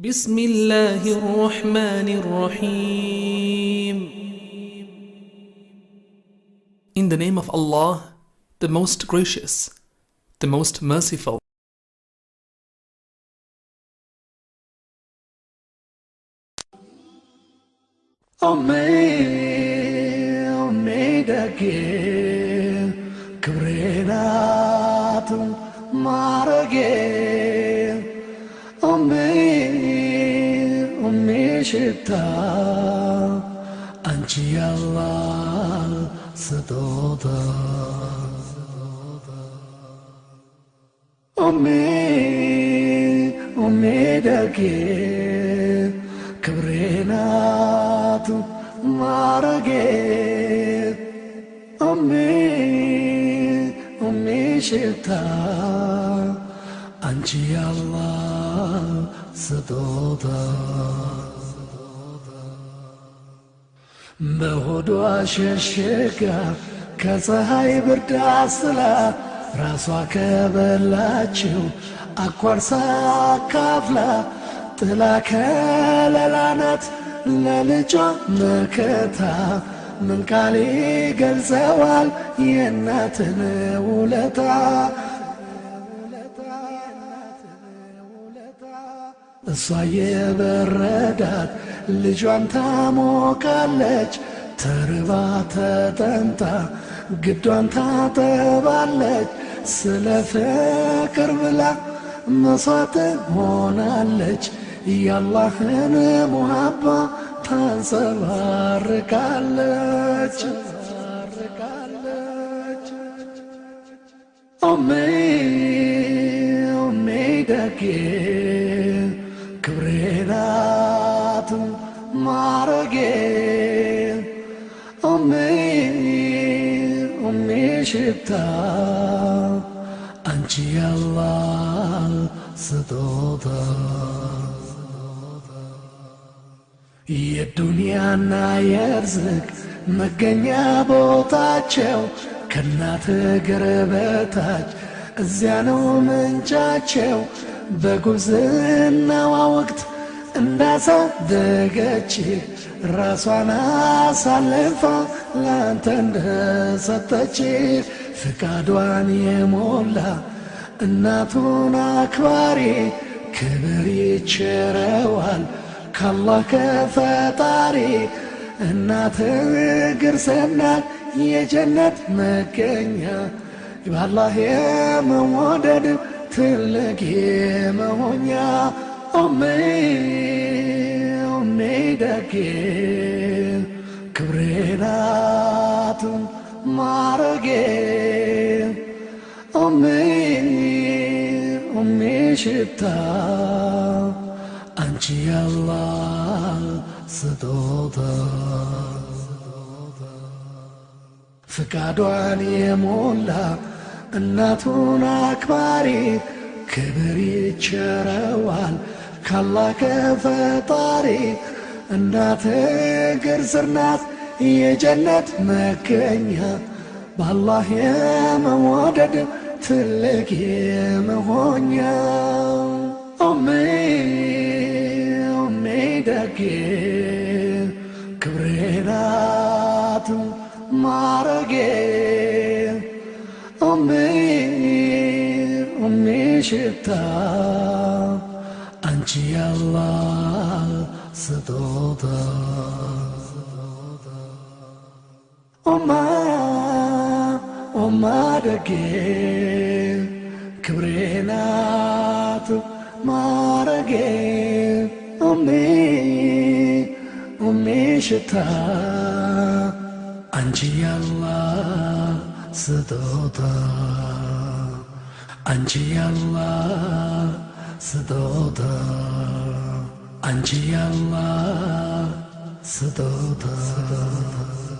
بسم الله الرحمن الرحيم In the name of Allah, the most gracious, the most merciful. ማረጌ ሽታ አንቺ ያላ ስጦታ ኦሜ ኦሜ ደጌ ክብሬ ናት ማረጌ ኦሜ ኦሜ ሽታ አንቺ ያላ ስጦታ በሆዷ ሸሸጋ ከፀሐይ ብርድ አስላ ራሷ ከበላችው አኳርሳ ካፍላ ጥላ ከለላናት ለልጇ መከታ ምን ቃል ይገልጸዋል የእናትን ውለታ እሷ የበረዳት ልጇን ታሞቃለች ተርባ ተጠምታ ግዷን ታጠባለች ስለ ፍቅር ብላ መስዋዕት ሆናለች ያላህን ሙሀባ ታንጸባርቃለች ኦሜ ኦሜ ደጌ ማረጌን ኦሜር ኦሜር ሽታ አንቺ ያላህ ስጦታ የዱንያና የርዝቅ መገኛ ቦታቸው ከእናት እግር በታች እዚያ ነው ምንጫቸው በጉብዝናዋ ወቅት እንዳሳደገች ራሷን አሳልፋ ላንተ እንደሰጠች ፍቃዷን የሞላ እናቱን አክባሪ ክብር ይችረዋል ካላህ ከፈጣሪ እናት እግር የጀነት መገኛ ባላህ የመወደድ ትልቅ የመሆኛ ኦሜ ደጌ ክብሬ ናት ማረጌ ሽታ አንቺ ያላ ስጦታ ፍቃዷን የሞላ እናቱን አክባሪ ክብር ይቸረዋል ካላከ ፈጣሪ እናት እግር ስር ናት የጀነት መገኛ በአላህ የመወደድ ትልቅ የመሆኛ ኦሜ ኦሜ ደጌ ክብሬ ማረጌ ኦሜ ኦሜ ሽታ Ci Allah sırada Omar, Omar again ክብሬናት ማረጌ ኦሜ ኦሜ ሽታ አንቺ ያላ ስጦታ አንቺ ያላ 是都他，安吉央啊，是都他。